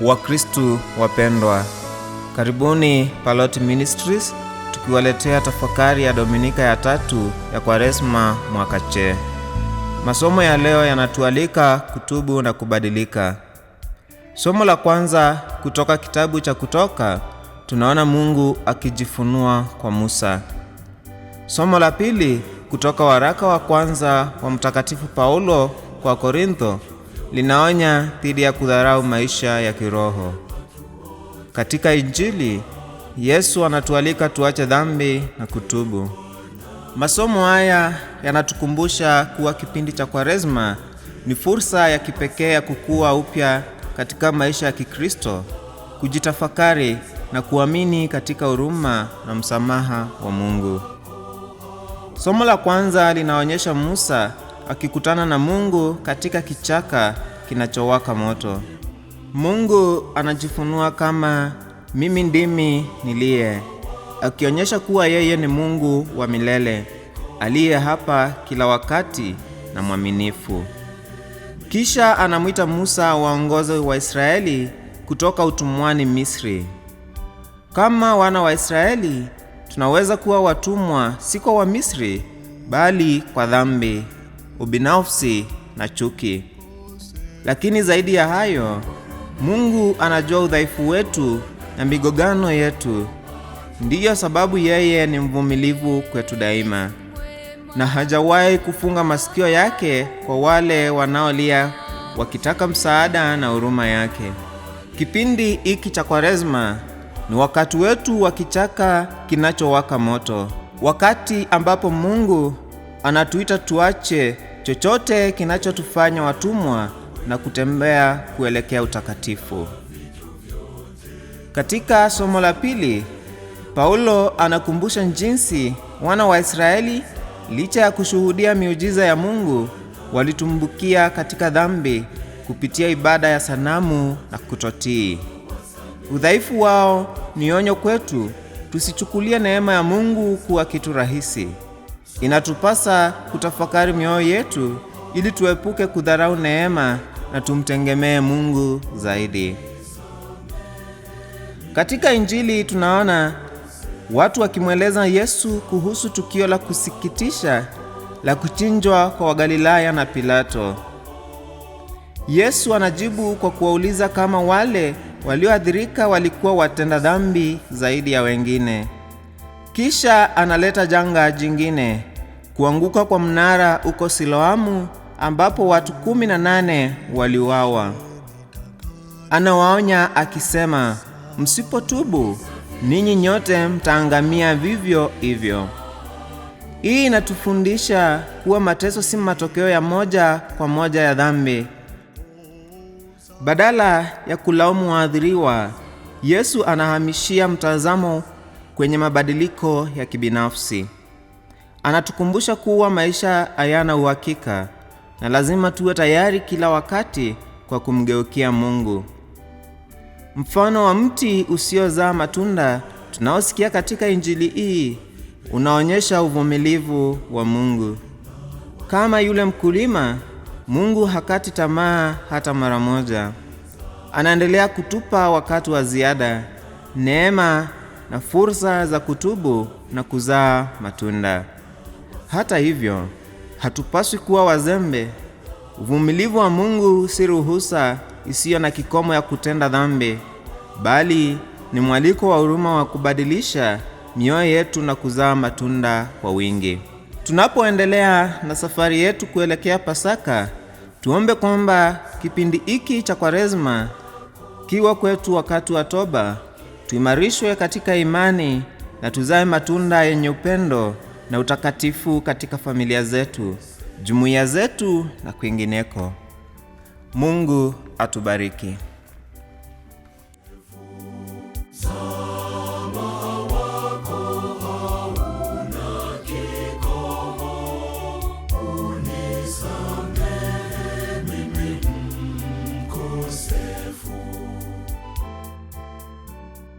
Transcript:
Wakristu wapendwa, karibuni Palot Ministries tukiwaletea tafakari ya Dominika ya tatu ya Kwaresma mwaka C. Masomo ya leo yanatualika kutubu na kubadilika. Somo la kwanza kutoka kitabu cha Kutoka, tunaona Mungu akijifunua kwa Musa. Somo la pili kutoka waraka wa kwanza wa Mtakatifu Paulo kwa Korintho linaonya dhidi ya kudharau maisha ya kiroho. Katika Injili, Yesu anatualika tuache dhambi na kutubu. Masomo haya yanatukumbusha kuwa kipindi cha Kwaresma ni fursa ya kipekee ya kukua upya katika maisha ya Kikristo, kujitafakari na kuamini katika huruma na msamaha wa Mungu. Somo la kwanza linaonyesha Musa akikutana na Mungu katika kichaka kinachowaka moto. Mungu anajifunua kama mimi ndimi niliye, akionyesha kuwa yeye ni Mungu wa milele aliye hapa kila wakati na mwaminifu. Kisha anamwita Musa waongoze Waisraeli kutoka utumwani Misri. Kama wana wa Israeli tunaweza kuwa watumwa si kwa Wamisri bali kwa dhambi ubinafsi na chuki. Lakini zaidi ya hayo, Mungu anajua udhaifu wetu na migogano yetu. Ndiyo sababu yeye ni mvumilivu kwetu daima na hajawahi kufunga masikio yake kwa wale wanaolia wakitaka msaada na huruma yake. Kipindi hiki cha Kwaresma ni wakati wetu wa kichaka kinachowaka moto, wakati ambapo Mungu anatuita tuache chochote kinachotufanya watumwa na kutembea kuelekea utakatifu. Katika somo la pili, Paulo anakumbusha jinsi wana wa Israeli licha ya kushuhudia miujiza ya Mungu walitumbukia katika dhambi kupitia ibada ya sanamu na kutotii. Udhaifu wao ni onyo kwetu tusichukulie neema ya Mungu kuwa kitu rahisi. Inatupasa kutafakari mioyo yetu ili tuepuke kudharau neema na tumtegemee Mungu zaidi. Katika Injili tunaona watu wakimweleza Yesu kuhusu tukio la kusikitisha la kuchinjwa kwa Wagalilaya na Pilato. Yesu anajibu kwa kuwauliza kama wale walioathirika walikuwa watenda dhambi zaidi ya wengine. Kisha analeta janga jingine, kuanguka kwa mnara uko Siloamu ambapo watu kumi na nane waliuawa. Anawaonya akisema, msipotubu ninyi nyote mtaangamia vivyo hivyo. Hii inatufundisha kuwa mateso si matokeo ya moja kwa moja ya dhambi. Badala ya kulaumu waadhiriwa Yesu anahamishia mtazamo kwenye mabadiliko ya kibinafsi. Anatukumbusha kuwa maisha hayana uhakika na lazima tuwe tayari kila wakati kwa kumgeukia Mungu. Mfano wa mti usiozaa matunda tunaosikia katika Injili hii unaonyesha uvumilivu wa Mungu. Kama yule mkulima, Mungu hakati tamaa hata mara moja. Anaendelea kutupa wakati wa ziada, neema na fursa za kutubu na kuzaa matunda. Hata hivyo, hatupaswi kuwa wazembe. Uvumilivu wa Mungu si ruhusa isiyo na kikomo ya kutenda dhambi, bali ni mwaliko wa huruma wa kubadilisha mioyo yetu na kuzaa matunda kwa wingi. Tunapoendelea na safari yetu kuelekea Pasaka, tuombe kwamba kipindi hiki cha Kwaresma kiwa kwetu wakati wa toba tuimarishwe katika imani na tuzae matunda yenye upendo na utakatifu katika familia zetu, jumuiya zetu na kwingineko. Mungu atubariki.